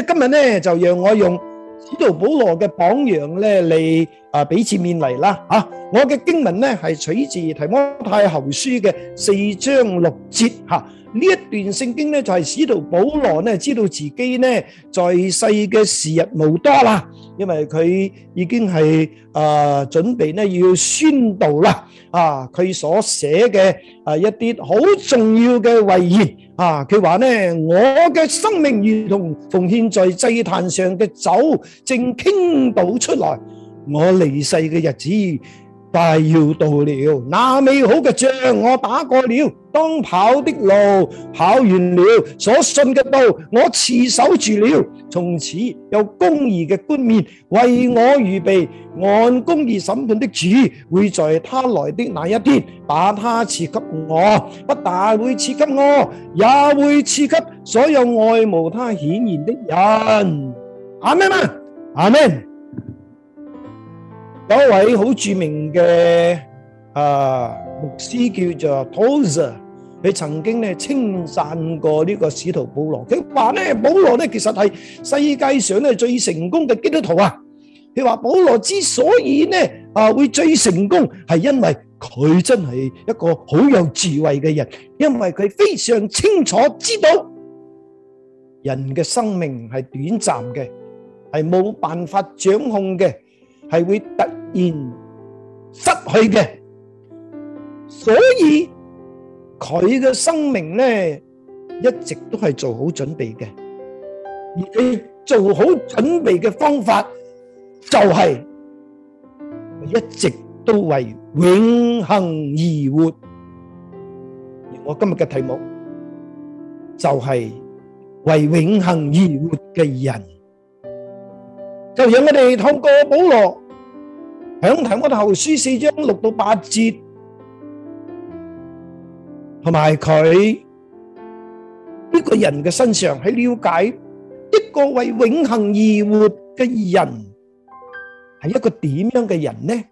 今日咧就讓我用使徒保羅嘅榜樣咧嚟啊，俾次面嚟啦吓！我嘅經文咧係取自提摩太後書嘅四章六節吓。呢一段聖經呢，就係使徒保羅呢知道自己呢，在世嘅時日無多啦，因為佢已經係誒、呃、準備呢要宣道啦，啊，佢所寫嘅誒一啲好重要嘅遺言啊，佢話呢：「我嘅生命如同奉獻在祭壇上嘅酒，正傾倒出來，我離世嘅日子快要到了，那美好嘅仗我打過了，當跑的路跑完了，所信嘅道我持守住了，從此有公義嘅冠冕為我預備，按公義審判的主會在他來的那一天把他賜給我，不但會賜給我，也會賜給所有愛慕他顯現的人。阿們啊，阿們。有一位好著名嘅啊牧師叫做 Tosa，佢曾經咧稱讚過呢個使徒保羅，佢話咧保羅咧其實係世界上咧最成功嘅基督徒啊。佢話保羅之所以咧啊會最成功，係因為佢真係一個好有智慧嘅人，因為佢非常清楚知道人嘅生命係短暫嘅，係冇辦法掌控嘅。係會突然失去嘅，所以佢嘅生命呢一直都係做好準備嘅。而佢做好準備嘅方法就係一直都為永恆而活。而我今日嘅題目就係為永恆而活嘅人，就讓我哋通過保羅。響提摩太後書四章六到八節，同埋佢呢個人嘅身上去了解一個為永恆而活嘅人係一個點樣嘅人呢？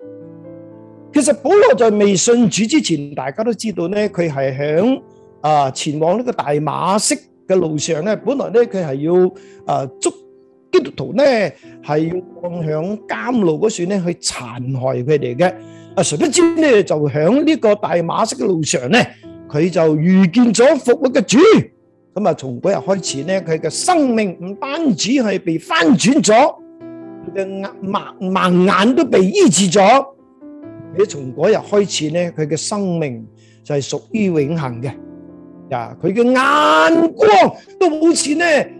其實保羅在未信主之前，大家都知道呢，佢係響啊前往呢個大馬色嘅路上呢，本來呢佢係要啊捉基督徒呢係要放響監牢嗰處呢去殘害佢哋嘅，啊，誰不知呢就響呢個大馬色嘅路上呢，佢就遇見咗復活嘅主，咁啊從嗰日開始呢，佢嘅生命唔單止係被翻轉咗，佢嘅盲盲眼都被醫治咗，你從嗰日開始呢，佢嘅生命就係屬於永恆嘅，啊，佢嘅眼光都冇錢呢。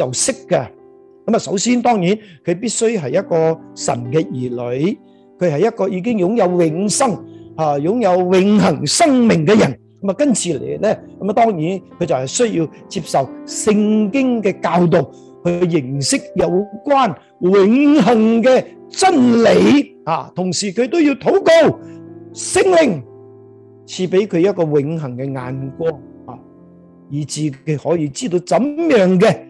就識嘅，咁啊，首先當然佢必須係一個神嘅兒女，佢係一個已經擁有永生啊，擁有永恆生命嘅人。咁啊，跟住嚟咧，咁啊，當然佢就係需要接受聖經嘅教導，去認識有關永恆嘅真理啊。同時佢都要禱告，聖靈賜俾佢一個永恆嘅眼光啊，以致佢可以知道怎樣嘅。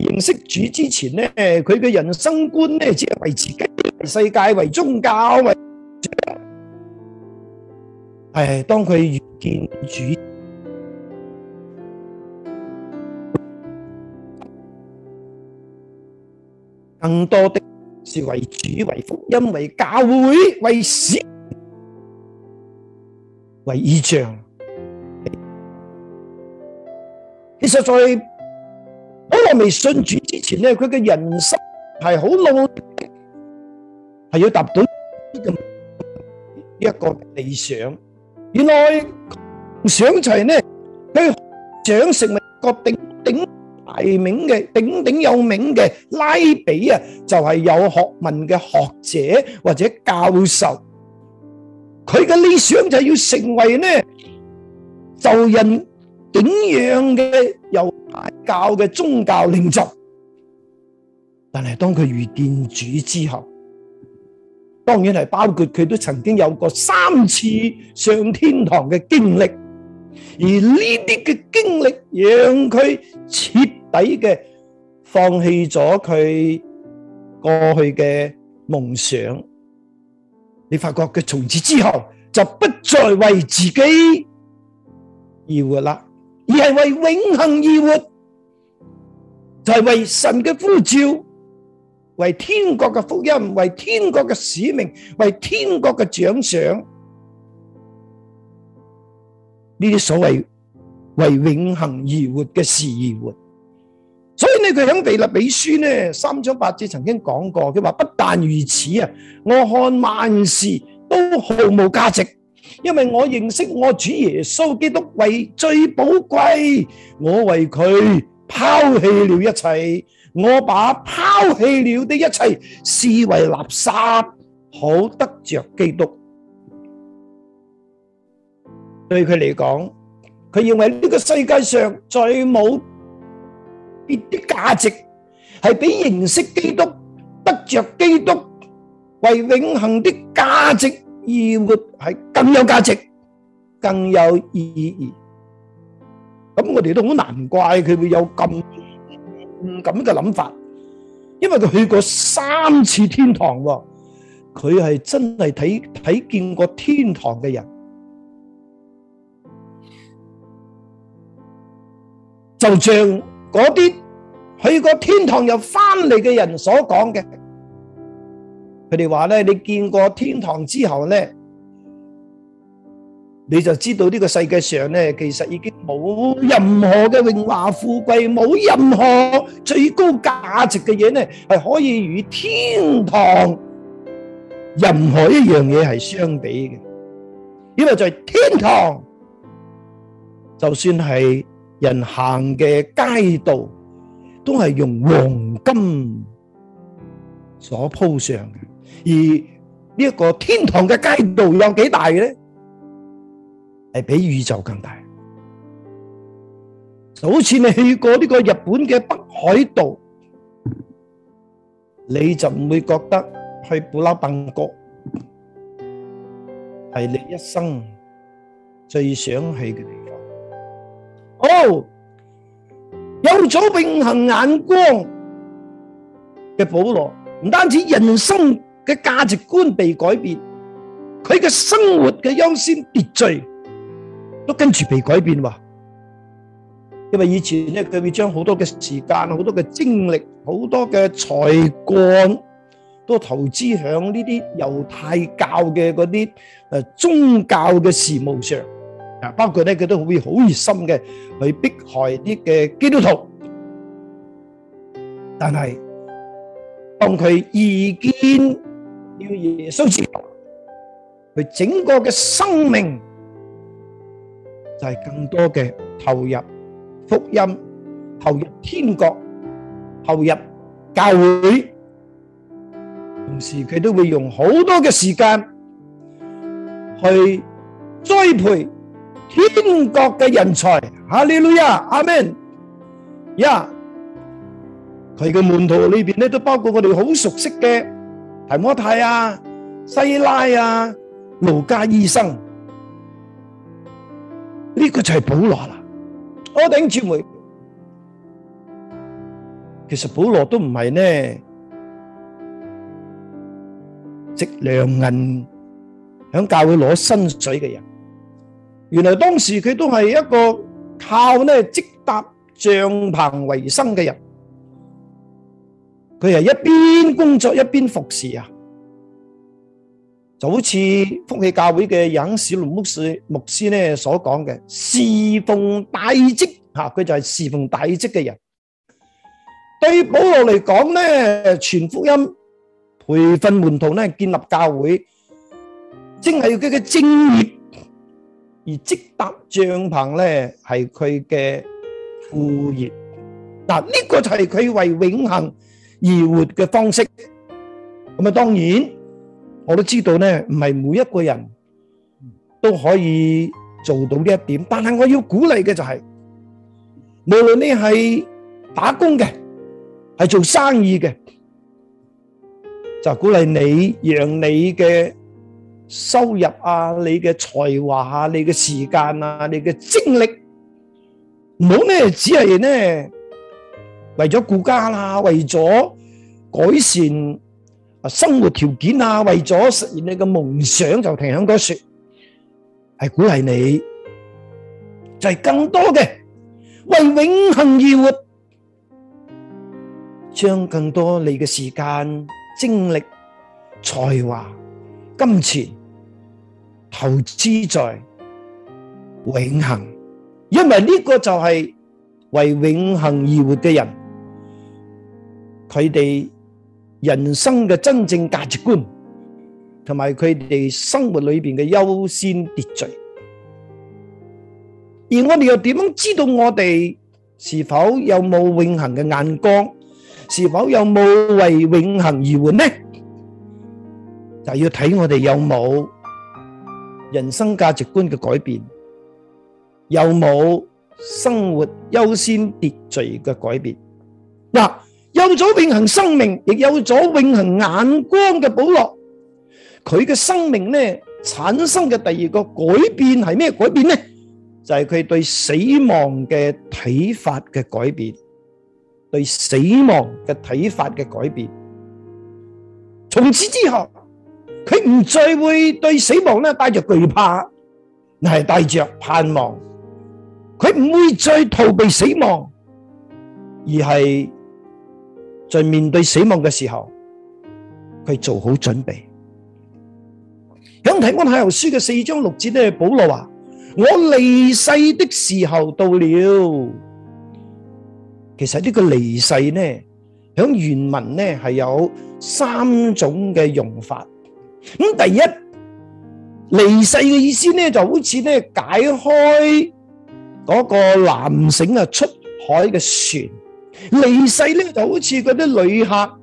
認識主之前咧，佢嘅人生觀呢，只係為自己、為世界、為宗教，係當佢遇見主，更多的是為主、為福音、為教會、為使為義象。其實在。未信主之前咧，佢嘅人生係好努力，係要達到呢一個理想。原來想齊、就、咧、是，佢想成為一個鼎鼎大名嘅、鼎鼎有名嘅拉比啊，就係、是、有學問嘅學者或者教授。佢嘅理想就係要成為咧，就人頂樣嘅有。教嘅宗教領袖，但係當佢遇見主之後，當然係包括佢都曾經有過三次上天堂嘅經歷，而呢啲嘅經歷讓佢徹底嘅放棄咗佢過去嘅夢想。你發覺佢從此之後就不再為自己要噶啦。而係為永恆而活，就係為神嘅呼召，為天國嘅福音，為天國嘅使命，為天國嘅獎賞。呢啲所謂為永恆而活嘅事而活，所以呢佢喺《腓立比書》呢三章八節曾經講過，佢話不但如此啊，我看萬事都毫無價值。因為我認識我主耶穌基督為最寶貴，我為佢拋棄了一切，我把拋棄了的一切視為垃圾，好得着基督。對佢嚟講，佢認為呢個世界上最冇別的價值，係比認識基督得着基督為永恒的價值。要活係更有價值、更有意義，咁我哋都好難怪佢會有咁咁嘅諗法，因為佢去過三次天堂，佢係真係睇睇見過天堂嘅人，就像嗰啲去過天堂又翻嚟嘅人所講嘅。佢哋話咧，你見過天堂之後咧，你就知道呢個世界上咧，其實已經冇任何嘅榮華富貴，冇任何最高價值嘅嘢咧，係可以與天堂任何一樣嘢係相比嘅。因為就係天堂，就算係人行嘅街道，都係用黃金所鋪上嘅。而呢一個天堂嘅街道有幾大嘅咧？係比宇宙更大，就好似你去過呢個日本嘅北海道，你就唔會覺得去布拉班國係你一生最想去嘅地方。哦，有咗永恆眼光嘅保羅，唔單止人生。嘅價值觀被改變，佢嘅生活嘅優先秩序都跟住被改變喎。因為以前咧，佢會將好多嘅時間、好多嘅精力、好多嘅才幹都投資喺呢啲猶太教嘅嗰啲誒宗教嘅事務上啊，包括咧佢都會好熱心嘅去迫害啲嘅基督徒，但係當佢意見要耶穌住，佢整個嘅生命就係更多嘅投入福音、投入天國、投入教會，同時佢都會用好多嘅時間去栽培天國嘅人才。哈利路亞，阿門。呀，佢嘅門徒裏邊咧都包括我哋好熟悉嘅提摩太啊、西拉啊、路加醫生，呢個就係保羅啦。我頂姊妹，其實保羅都唔係呢食糧銀響教會攞薪水嘅人，原來當時佢都係一個靠呢積搭帳篷為生嘅人。佢係一邊工作一邊服侍啊，就好似福氣教會嘅隱士盧牧士牧師呢所講嘅侍奉大職吓，佢就係侍奉大職嘅人。對保羅嚟講呢，全福音、培訓門徒呢、建立教會，正係佢嘅正業；而積搭帳篷呢，係佢嘅副業。嗱，呢個就係佢為永恆而活嘅方式，咁啊，當然我都知道咧，唔係每一個人都可以做到呢一點。但係我要鼓勵嘅就係，無論你係打工嘅，係做生意嘅，就鼓勵你，讓你嘅收入啊，你嘅才華啊，你嘅時間啊，你嘅精力，冇咩，只係咧。為咗顧家啦，為咗改善啊生活條件啊，為咗實現你嘅夢想就停響嗰度說，係鼓勵你，就係更多嘅為永恆而活，將更多你嘅時間、精力、才華、金錢投資在永恆，因為呢個就係為永恆而活嘅人。佢哋人生嘅真正價值觀，同埋佢哋生活裏面嘅優先秩序，而我哋又點樣知道我哋是否有冇永恆嘅眼光，是否有冇為永恆而活呢？就要睇我哋有冇人生價值觀嘅改變，有冇生活優先秩序嘅改變，嗱。有咗永恆生命，亦有咗永恆眼光嘅保羅，佢嘅生命咧產生嘅第二個改變係咩改變呢？就係佢對死亡嘅睇法嘅改變，對死亡嘅睇法嘅改變。從此之後，佢唔再會對死亡咧帶着懼怕，係帶着盼望。佢唔會再逃避死亡，而係。在面對死亡嘅時候，佢做好準備。響提摩太書嘅四章六節咧，保羅話：我離世的時候到了。其實呢個離世呢，響原文咧係有三種嘅用法。咁第一，離世嘅意思咧就好似咧解開嗰個纜繩啊，出海嘅船。離世呢就好似嗰啲旅客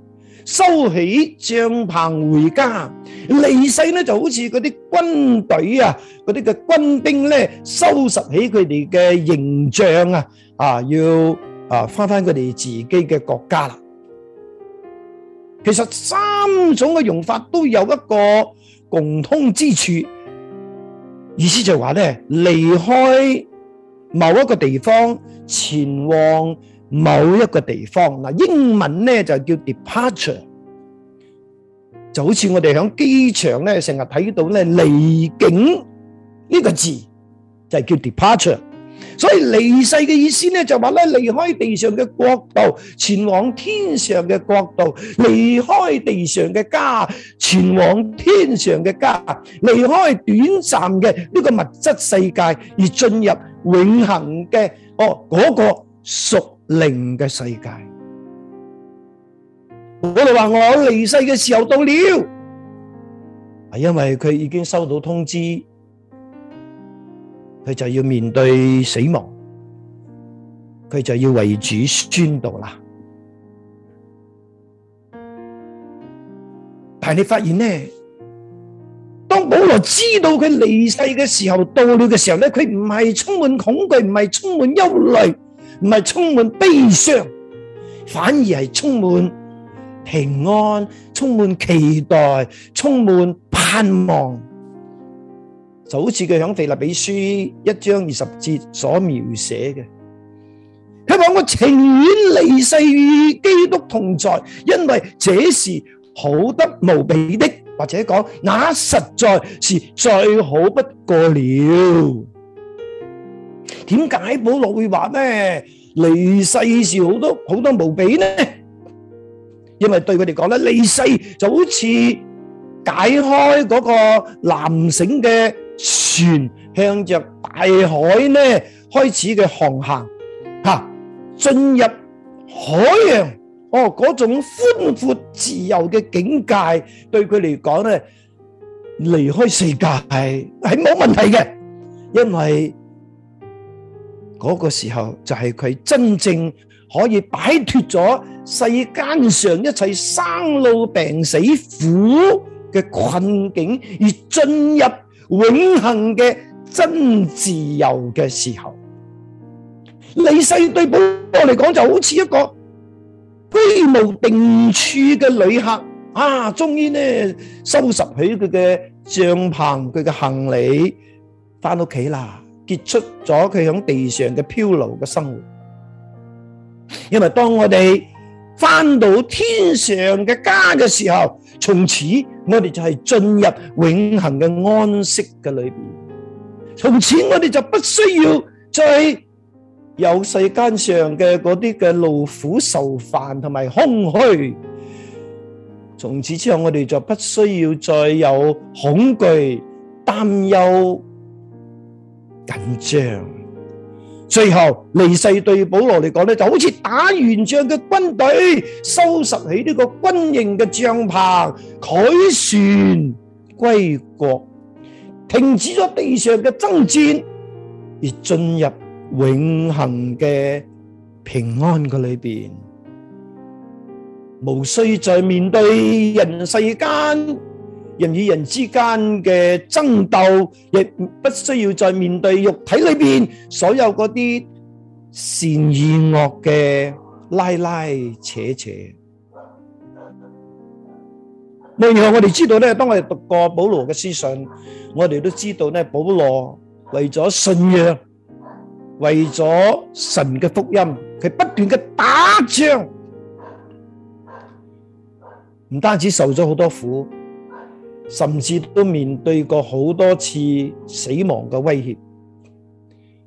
收起帳篷回家，離世呢就好似嗰啲軍隊啊，嗰啲嘅軍兵咧收拾起佢哋嘅形象啊，啊要啊返返佢哋自己嘅國家啦。其實三種嘅用法都有一個共通之處，意思就係話呢離開某一個地方前往某一個地方，嗱英文咧就叫 departure，就好似我哋響機場咧成日睇到咧離境呢個字，就係叫 departure。所以離世嘅意思咧就話咧離開地上嘅國度，前往天上嘅國度；離開地上嘅家，前往天上嘅家；離開短暫嘅呢個物質世界，而進入永恆嘅哦嗰個。屬靈嘅世界，保羅說我哋話，我離世嘅時候到了，係因為佢已經收到通知，佢就要面對死亡，佢就要為主宣道啦。但係你發現咧，當保羅知道佢離世嘅時候到了嘅時候咧，佢唔係充滿恐懼，唔係充滿憂慮，唔係充滿悲傷，反而係充滿平安、充滿期待、充滿盼望，就好似佢喺腓立比書一章二十節所描寫嘅。佢話我情願離世與基督同在，因為這是好得無比的，或者講那實在是最好不過了。點解保羅會話咧？離世時好多好多無比咧，因為對佢嚟講咧，離世就好似解開嗰個纜繩嘅船，向着大海咧開始嘅航行嚇，進入海洋哦，嗰種寬闊自由嘅境界，對佢嚟講咧，離開世界係係冇問題嘅，因為。嗰個時候就係佢真正可以擺脫咗世間上一切生老病死苦嘅困境，而進入永恒嘅真自由嘅時候。離世對保羅嚟講就好似一個居無定處嘅旅客啊，終於呢收拾起佢嘅帳篷、佢嘅行李，翻屋企啦。結束咗佢響地上嘅漂流嘅生活，因為當我哋翻到天上嘅家嘅時候，從此我哋就係進入永恒嘅安息嘅裏邊。從此我哋就不需要再有世間上嘅嗰啲嘅勞苦愁煩同埋空虛。從此之後，我哋就不需要再有恐懼擔憂。緊張，最後離世對保羅嚟講咧，就好似打完仗嘅軍隊，收拾起呢個軍營嘅帳篷，凱旋歸國，停止咗地上嘅爭戰，而進入永恆嘅平安嘅裏邊，無需再面對人世間。人與人之間嘅爭鬥，亦不需要再面對肉體裏邊所有嗰啲善與惡嘅拉拉扯扯。另外，我哋知道咧，當我哋讀過保羅嘅書信，我哋都知道咧，保羅為咗信仰，為咗神嘅福音，佢不斷嘅打仗，唔單止受咗好多苦。甚至都面對過好多次死亡嘅威脅，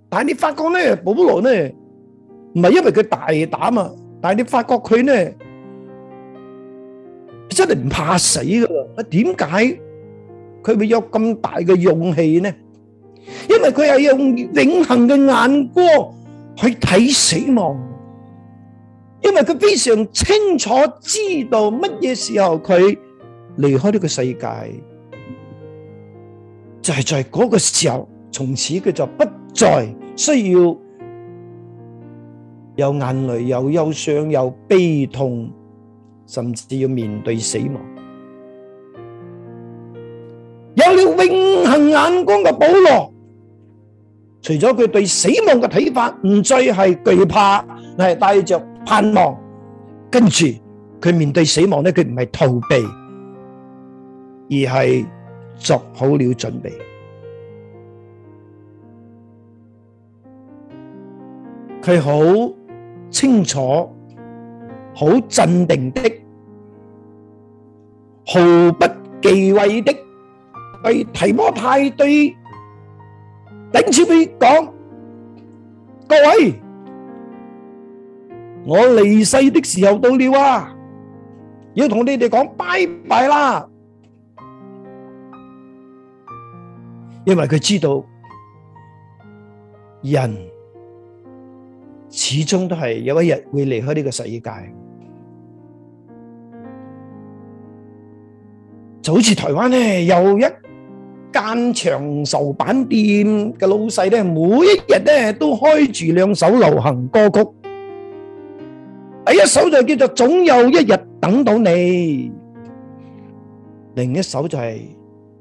但係你發覺咧，保羅咧唔係因為佢大膽啊，但係你發覺佢咧真係唔怕死噶。啊，點解佢會有咁大嘅勇氣呢？因為佢係用永恆嘅眼光去睇死亡，因為佢非常清楚知道乜嘢時候佢。離開呢個世界，就係、是、在嗰個時候，從此佢就不再需要有眼淚、有憂傷、有悲痛，甚至要面對死亡。有了永恆眼光嘅保羅，除咗佢對死亡嘅睇法唔再係懼怕，係帶着盼望。跟住佢面對死亡呢，佢唔係逃避。而係做好了準備，佢好清楚、好鎮定的、毫不忌諱的，對提摩太對林子薇講：各位，我離世的時候到了啊，要同你哋講拜拜啦。因為佢知道人始終都係有一日會離開呢個世界，就好似台灣咧有一間長壽板店嘅老細咧，每一日咧都開住兩首流行歌曲，第一首就叫做《總有一日等到你》，另一首就係。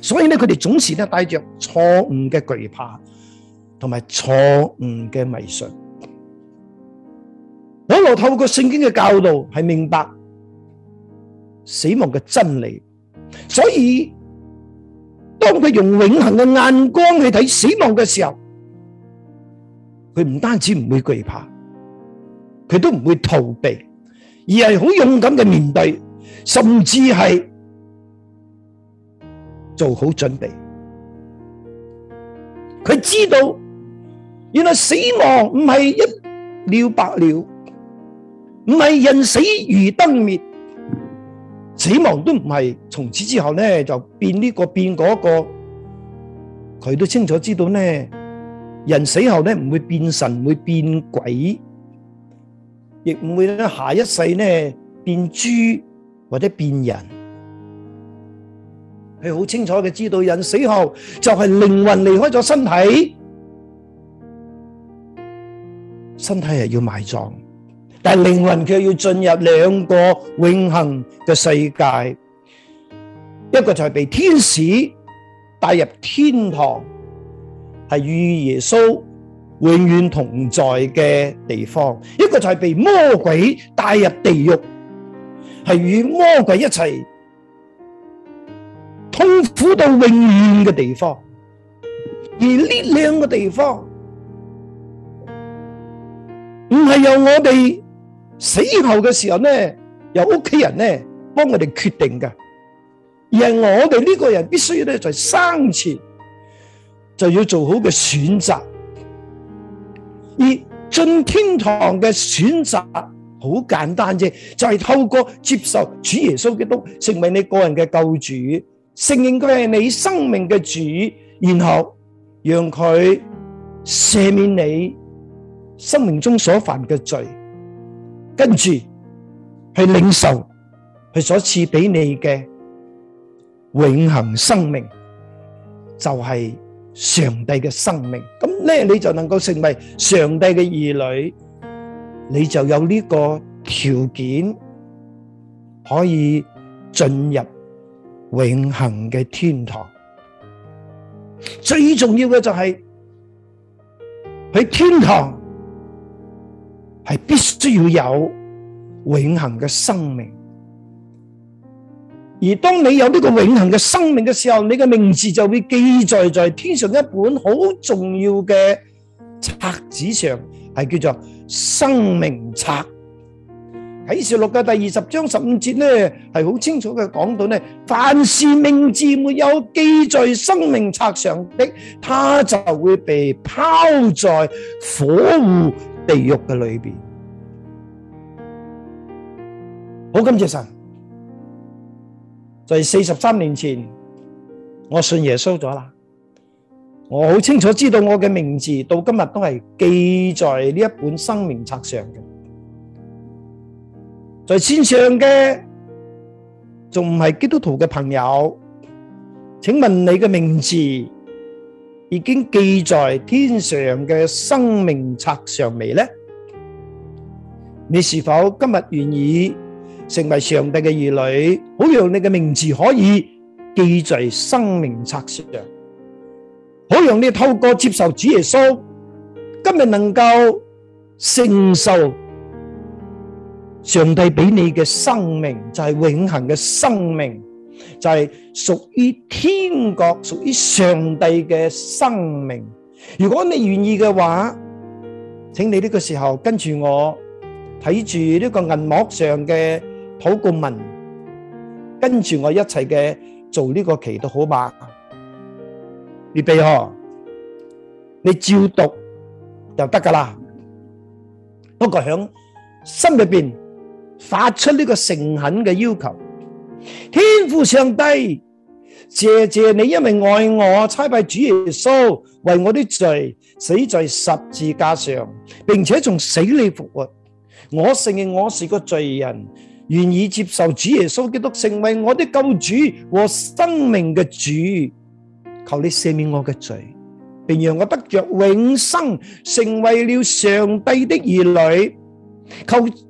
所以咧，佢哋總是咧帶着錯誤嘅懼怕，同埋錯誤嘅迷信。保羅透過聖經嘅教導，係明白死亡嘅真理。所以，當佢用永恆嘅眼光去睇死亡嘅時候，佢唔單止唔會懼怕，佢都唔會逃避，而係好勇敢嘅面對，甚至係。做好準備，佢知道原來死亡唔係一了百了，唔係人死如燈滅，死亡都唔係從此之後咧就變呢個變嗰個，佢、那個，都清楚知道咧，人死後咧唔會變神，會變鬼，亦唔會咧下一世咧變豬或者變人。佢好清楚嘅知道，人死後就係靈魂離開咗身體，身體係要埋葬，但係靈魂卻要進入兩個永恆嘅世界，一個就係被天使帶入天堂，係與耶穌永遠同在嘅地方；一個就係被魔鬼帶入地獄，係與魔鬼一齊。痛苦到永遠嘅地方，而呢兩個地方唔係由我哋死後嘅時候咧，由屋企人咧幫我哋決定嘅，而係我哋呢個人必須要咧，在生前就要做好嘅選擇。而進天堂嘅選擇好簡單啫，就係、是、透過接受主耶穌基督，成為你個人嘅救主。承認佢係你生命嘅主，然後讓佢赦免你生命中所犯嘅罪，跟住去領受佢所賜俾你嘅永恒生命，就係上帝嘅生命。咁咧，你就能夠成為上帝嘅兒女，你就有呢個條件可以進入，永恒嘅天堂，最重要嘅就是喺天堂係必須要有永恒嘅生命。而當你有呢個永恒嘅生命嘅時候，你嘅名字就會記載在天上一本好重要嘅冊子上，係叫做生命冊。啟示錄嘅第二十章十五節咧，係好清楚嘅講到咧，凡是名字沒有記在生命冊上的，他就會被拋在火湖地獄嘅裏邊。好，感謝神！在四十三年前，我信耶穌咗啦，我好清楚知道我嘅名字到今日都係記在呢一本生命冊上嘅。的在線上嘅仲唔係基督徒嘅朋友，請問你嘅名字已經記在天上嘅生命冊上未呢？你是否今日願意成為上帝嘅兒女，好讓你嘅名字可以記在生命冊上，好讓你透過接受主耶穌，今日能夠承受。上帝俾你嘅生命就係永恆嘅生命，就係屬於天國、屬於上帝嘅生命。如果你願意嘅話，請你呢個時候跟住我睇住呢個銀幕上嘅禱告文，跟住我一齊嘅做呢個祈禱好嘛？預備嗬，你照讀就得噶啦。不過響心裏面。發出呢個誠懇嘅要求，天父上帝，謝謝你，因為愛我，差派主耶穌為我的罪死在十字架上，並且從死裏復活。我承認我是個罪人，願意接受主耶穌基督成為我的救主和生命嘅主。求你赦免我嘅罪，並讓我得着永生，成為了上帝的兒女。求。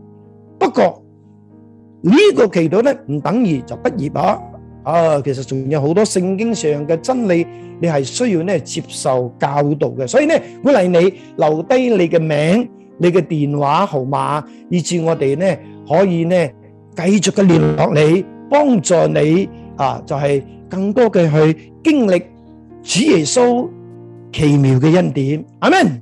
不過呢、這個祈禱咧唔等於就畢業啊！啊，其實仲有好多聖經上嘅真理，你係需要咧接受教導嘅。所以咧，鼓勵你留低你嘅名、你嘅電話號碼，以至我哋咧可以咧繼續嘅聯絡你，幫助你啊，就係、是、更多嘅去經歷主耶穌奇妙嘅恩典。阿門。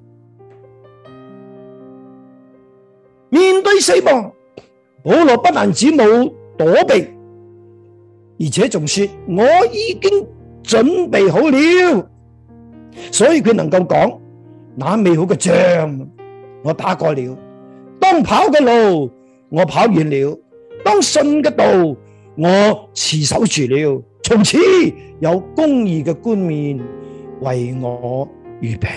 面對死亡。保羅不但止冇躲避，而且仲說：我已經準備好了，所以佢能夠講：那美好嘅仗我打過了，當跑嘅路我跑完了，當信嘅道我持守住了，從此有公義嘅冠冕為我預備。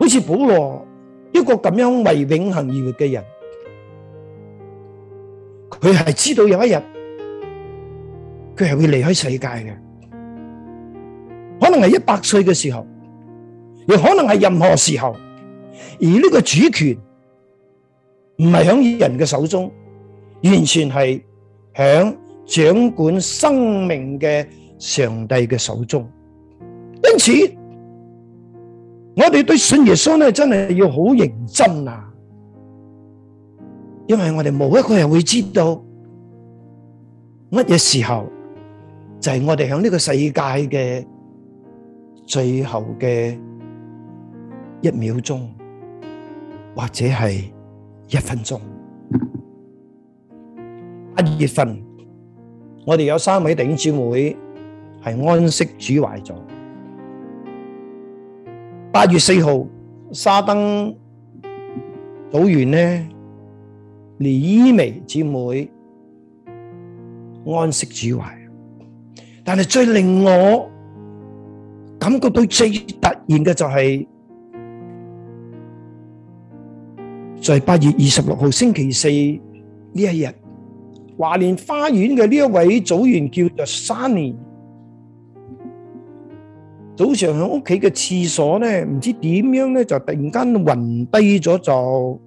好似保羅。一個咁樣為永恒而活嘅人，佢係知道有一日佢係會離開世界嘅，可能係一百歲嘅時候，亦可能係任何時候。而呢個主權唔係響人嘅手中，完全係響掌管生命嘅上帝嘅手中。因此，我哋對信耶穌呢，真係要好認真啊！因為我哋冇一個人會知道乜嘢時候就係我哋響呢個世界嘅最後嘅一秒鐘，或者係一分鐘。一月份，我哋有三位弟兄姊妹係安息主懷咗。八月四號，沙登組員呢，李依薇姊妹安息主懷。但係最令我感覺到最突然嘅就係，在八月二十六號星期四呢一日，華聯花園嘅呢一位組員叫做 Sunny。早上喺屋企嘅廁所咧，唔知點樣咧，就突然間暈低咗，就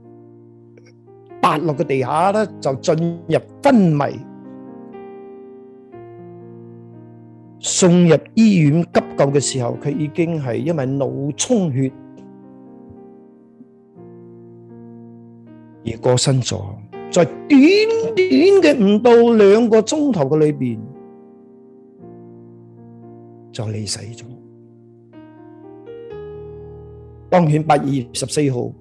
跌落個地下咧，就進入昏迷，送入醫院急救嘅時候，佢已經係因為腦充血而過身咗，在短短嘅唔到兩個鐘頭嘅裏邊就離世咗。當選八月十四號，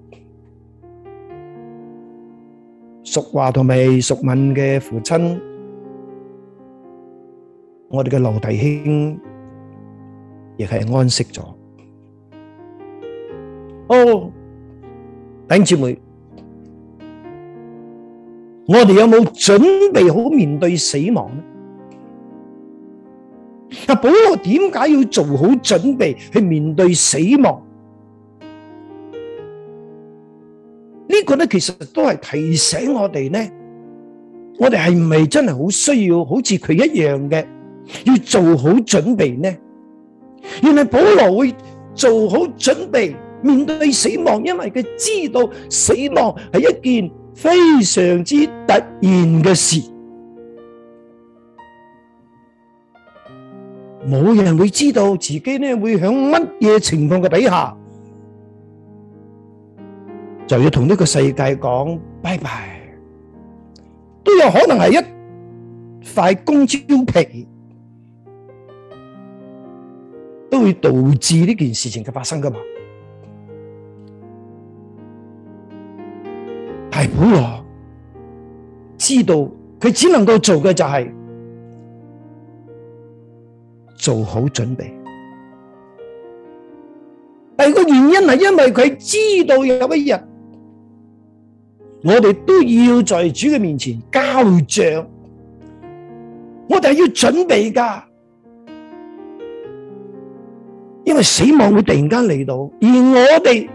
淑華同埋淑敏嘅父親，我哋嘅劉弟兄，亦係安息咗。哦，弟兄姊妹，我哋有冇準備好面對死亡呢？嗱，保羅點解要做好準備去面對死亡？呢個咧其實都係提醒我哋咧，我哋係唔係真係好需要好似佢一樣嘅要做好準備呢？原來保羅會做好準備面對死亡，因為佢知道死亡係一件非常之突然嘅事，冇人會知道自己咧會喺乜嘢情況嘅底下。就要同呢個世界講拜拜，都有可能係一塊公招皮，都會導致呢件事情嘅發生㗎嘛。但係保羅知道佢只能夠做嘅就係做好準備。第二個原因係因為佢知道有一日。我哋都要在主嘅面前交賬，我哋係要準備㗎！因為死亡會突然間嚟到，而我哋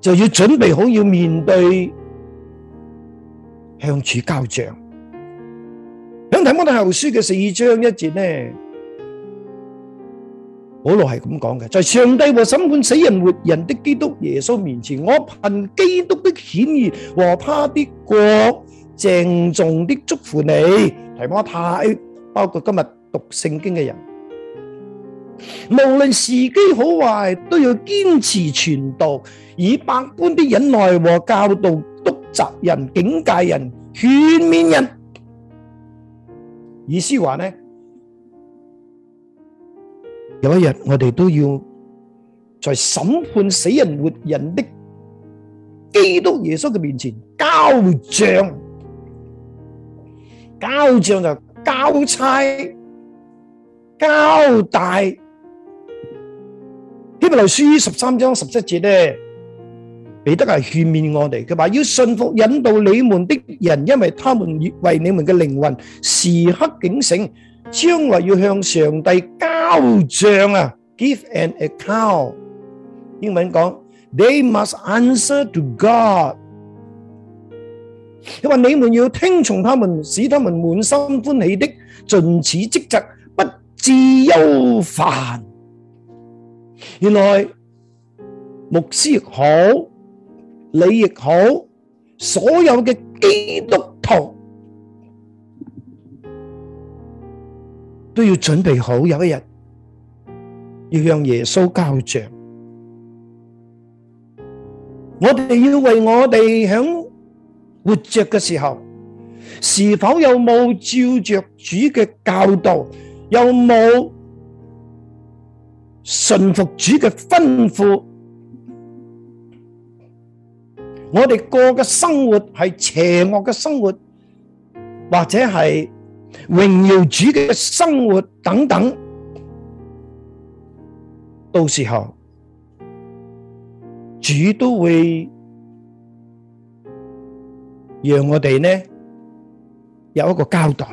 就要準備好要面對向主交賬。想睇《提摩太後書》嘅四章一節呢？保羅係咁講嘅，在上帝和審判死人活人的基督耶穌面前，我憑基督的顯現和他的國，鄭重的祝福你。提摩太，包括今日讀聖經嘅人，無論時機好壞，都要堅持傳道，以百般的忍耐和教導督責人、警戒人、勸勉人。以斯話呢？有一日，我哋都要在審判死人活人的基督耶穌嘅面前交賬，交賬就交差、交代。希伯來書十三章十七節咧，彼得係勸勉我哋，佢話要信服引導你們的人，因為他們為你們嘅靈魂時刻警醒。將來要向上帝交賬啊！Give an account。英文講，They must answer to God。因為你們要聽從他們，使他們滿心歡喜的盡此職責，不致憂煩。原來牧師亦好，你亦好，所有嘅基督徒。都要準備好，有一日要讓耶穌交賬。我哋要為我哋喺活着嘅時候，是否有冇照着主嘅教導，有冇順服主嘅吩咐？我哋過嘅生活係邪惡嘅生活，或者係。榮耀主嘅生活等等，到時候主都會讓我哋呢有一個交代，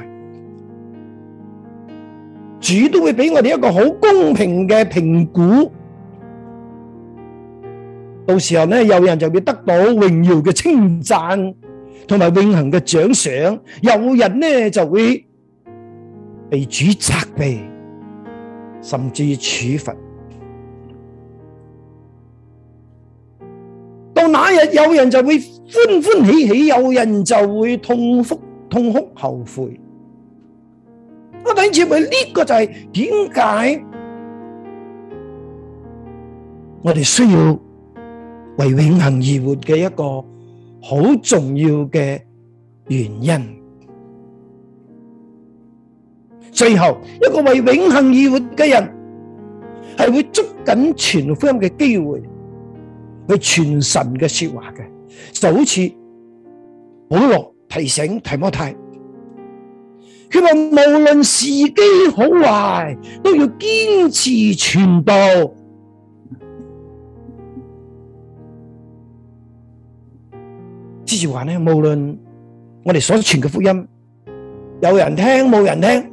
主都會俾我哋一個好公平嘅評估。到時候呢，有人就會得到榮耀嘅稱讚，同埋永恆嘅獎賞，有人呢就會。被主責備，甚至處罰。到那日，有人就會歡歡喜喜，有人就會痛哭痛哭後悔。我等於說呢個就係點解我哋需要為永恒而活嘅一個好重要嘅原因。最後，一個為永恒而活的人，係會捉緊傳福音的機會，去傳神的說話嘅。就好似保羅提醒提摩太，佢話無論時機好壞，都要堅持傳道。之前話呢，無論我們所傳的福音有人聽，冇人聽。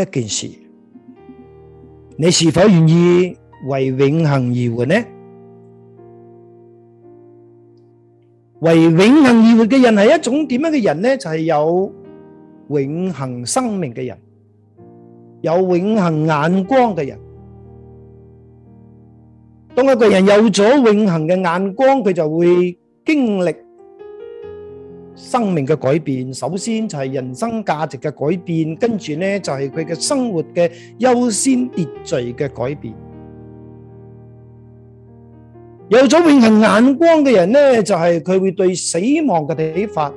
一件事，你是否願意為永恆而活呢？為永恆而活嘅人係一種點樣嘅人呢？就係有永恆生命嘅人，有永恆眼光嘅人。當一個人有咗永恆嘅眼光，佢就會經歷。生命嘅改變，首先就係人生價值嘅改變，跟住咧就係佢嘅生活嘅優先秩序嘅改變。有咗永恆眼光嘅人咧，就係佢會對死亡嘅睇法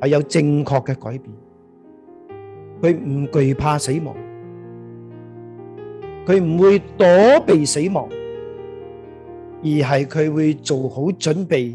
係有正確嘅改變。佢唔懼怕死亡，佢唔會躲避死亡，而係佢會做好準備。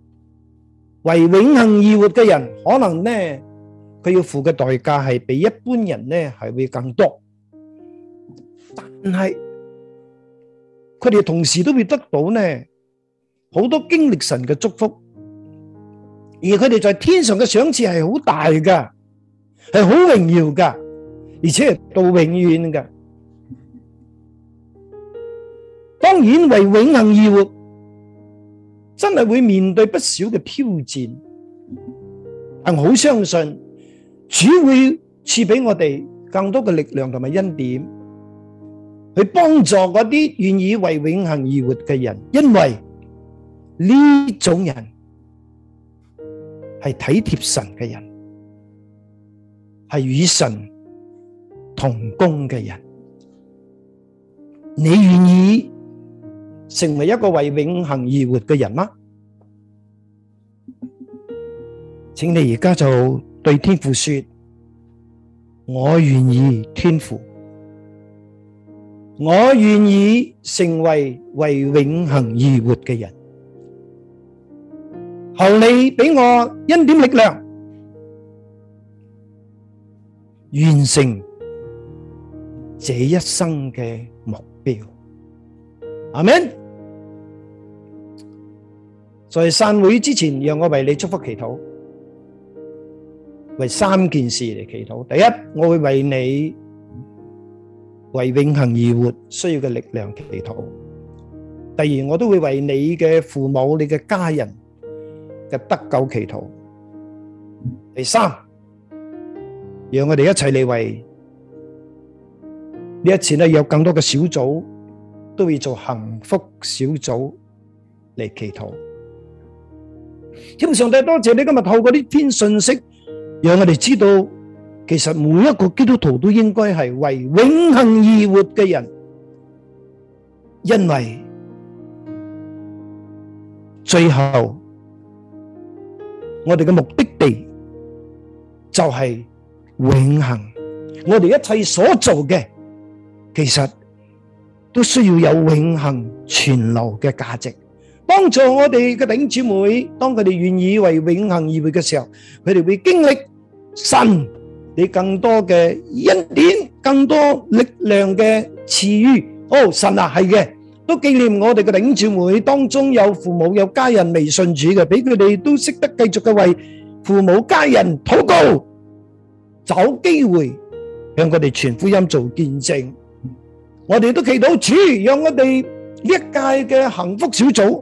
為永恒而活嘅人，可能呢佢要付嘅代價係比一般人呢係會更多，但係佢哋同時都會得到呢好多經歷神嘅祝福，而佢哋在天上嘅賞賜係好大噶，係好榮耀噶，而且係到永遠噶。當然為永恒而活，真係會面對不少嘅挑戰，但係我好相信主會賜俾我哋更多嘅力量同埋恩典，去幫助嗰啲願意為永恆而活嘅人，因為呢種人係體貼神嘅人，係與神同工嘅人，你願意成為一個為永恒而活嘅人嗎？請你而家就對天父說：我願意天父，我願意成為為永恒而活嘅人。求你俾我恩典力量，完成這一生嘅目標。阿門。在散會之前，讓我為你祝福祈禱，為三件事嚟祈禱。第一，我會為你為永恆而活需要嘅力量祈禱；第二，我都會為你嘅父母、你嘅家人嘅得救祈禱；第三，讓我哋一齊嚟為呢一次咧有更多嘅小組都會做幸福小組嚟祈禱。希望上帝多謝你今日透過呢篇信息，讓我哋知道，其實每一個基督徒都應該係為永恆而活嘅人，因為最後我哋嘅目的地就係永恆，我哋一切所做嘅，其實都需要有永恆存留嘅價值。幫助我哋嘅弟兄姊妹，當佢哋願意為永恒而活嘅時候，佢哋會經歷神你更多嘅恩典、更多力量嘅賜予。哦，神啊，係嘅，都紀念我哋嘅弟兄姊妹當中有父母有家人未信主嘅，俾佢哋都識得繼續嘅為父母家人禱告，找機會向佢哋傳福音做見證。我哋都祈禱主，讓我哋一屆嘅幸福小組。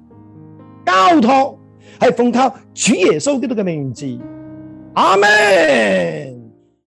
交托係奉靠主耶穌基督嘅名字，阿門。